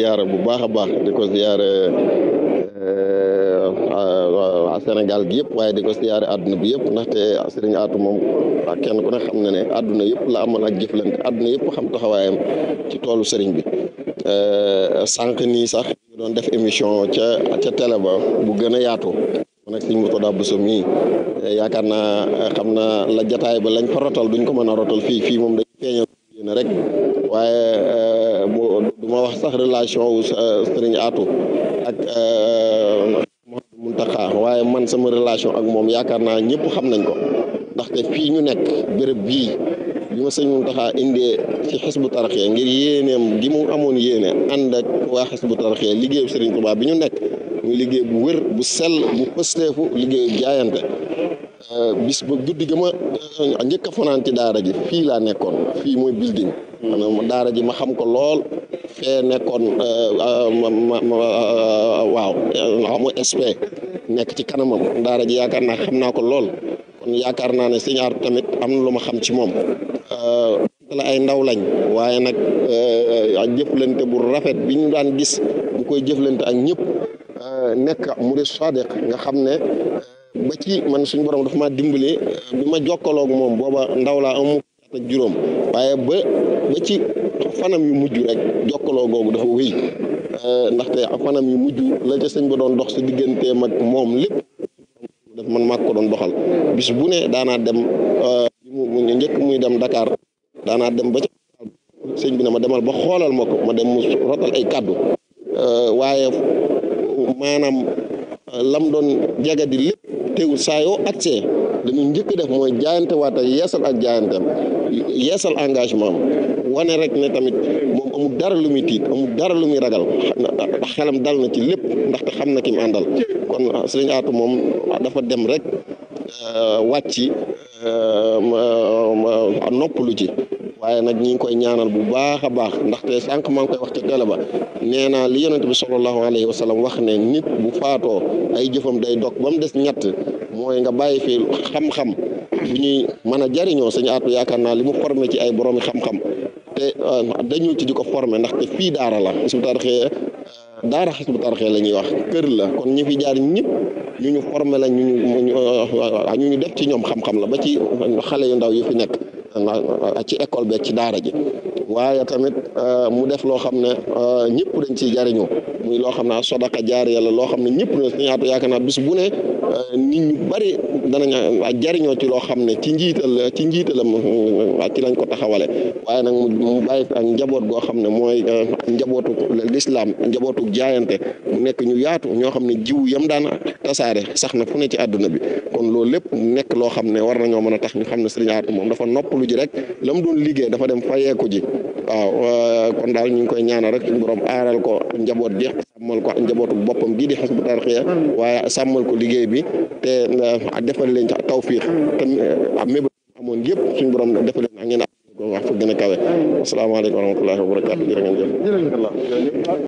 ziyaara bu baax a baax di ko ziyaare eh, Sénégal gi yëpp waaye di ko ziyaare àdduna bi yëpp ndaxte Serigne Atou moom kenn ku ne xam na ne àdduna yëpp la amoon ak jëflante àdduna yëpp xam taxawaayam ci toolu Serigne bi eh, sànq nii sax ñu doon def émission ca ca bu gën a yaatu man ak Serigne Mourtada Bousso mii eh, yaakaar xam naa la jataay ba lañ fa rotal duñ ko mën a rotal fii fii moom dañ feeñal yéen rek waaye ma wax sax relation wu euh, sëriñ Atou ak Mouhamadou Mountakha waaye man sama relation ak moom yaakaar naa ñëpp xam nañ ko ndaxte fii ñu nekk béréb bii bi ma sëñ Mountakha indee ci bu tarxiya ngir yéeneem gi mu amoon yéene ànd ak waa xisbu tarxiya liggéeyu sëriñ baa bi ñu nekk muy liggéey bu wér bu sel bu pësteefu liggéey jaayante euh, bis ba guddi ga ma euh, njëkk a fanaan ci daara ji fii laa nekkoon fii mooy building daara ji ma xam ko lool fee nekkoon eh, eh, waaw eh, xamu sp nekk ci kanamam daara ji yaakaar naa xam naa ko lool kon yaakaar naa ne sëñ Aatu tamit am na lu ma xam ci moom la ay ndaw lañ waaye nag jëflante bu rafet bi ñu daan gis bu koy jëflante ak ñëpp nekk murid sadiq nga xam ne ba ci man suñu borom dafa dimbali bi ma jokkaloog moom booba ndaw laa ak juróom waaye ba ba ci fanam yu mujj rek jokkaloo googu dafa wéy euh, ndaxte fanam yu mujj la ca sëñ ba doon dox si digganteem ak moom lépp daf man maa ko doon doxal bis bu ne daanaa dem euh, mu njëkk muy dem Dakar daanaa dem ba ca sëñ bi na ma demal ba xoolal ma ko ma dem mu rotal ay kàddu euh, waaye maanaam lam doon jagadi lépp teewul saa yoo accès li njëkk def mooy jaayante waat ak yeesal ak jaayanteem yeesal engagement wone rek ne tamit moom amul dara lu muy tiit amul dara lu muy ragal xelam dal na ci lépp ndaxte xam na ki mu àndal kon ah, sëriñ Atou moom ah, dafa dem rek euh, wàcci euh, noppalu ci waaye nag ñi ngi koy ñaanal bu baax a baax ndaxte sànq maa ngi koy wax ci télé ba nee naa li yonent bi sallallahu alayhi wa sallam wax ne nit bu faatoo ay jëfam day dok ba mu des ñett mooy nga bàyyi fi xam-xam bu mën a jariñoo suñu aatu yaakaar naa li mu formé ci ay boroomi xam-xam te euh, dañu ci di ko ndax ndaxte fii daara la Hizbut Tarqiyyah euh, daara Hizbut Tarqiyyah la ñuy wax kër la kon ñi fi jaar ñëpp ñu ñu formé la ñu euh, ñu ñu def ci ñoom xam-xam la ba ci xale yu ndaw yi fi nekk ci école beeg ci daara ji waaye tamit mu def loo xam ne ñëpp dañ ci jariñoo muy loo xam ne sodaka jaariya la loo xam ne ñëpp ne sëñ aatu yaakaar naa bis bu ne Euh, nit ñu bari danañ jariñoo ci loo xam ne ci njiital ci njiitalam ci lañ ko taxawale waaye nag mu bàyyi ak njaboot goo xam ne mooy la euh, lislaam njabootu jaayante mu nekk ñu yaatu ñoo xam ne jiw yam daan tasaare sax na fu ne ci àdduna bi kon loolu lépp nekk loo xam ne war nañoo mën a tax ñu xam ne Sëriñ moom dafa noppalu ji rek lam mu doon liggéey dafa dem fayeeku ji waaw euh, kon daal ñu ngi koy ñaanal rek suñu aaral ko njaboot gi sàmmal ko njabootu boppam gii bu Hizbut Tarqiyyah waaye sàmmal ko liggéey bi te eh, a leen ci tawfiq te eh, am méb amoon yëpp suñu borom defal leen ak ngeen am ko wax fa gën a kawe asalaamaaleykum wa rahmatullahi wa barakaatu jërë ngeen jëf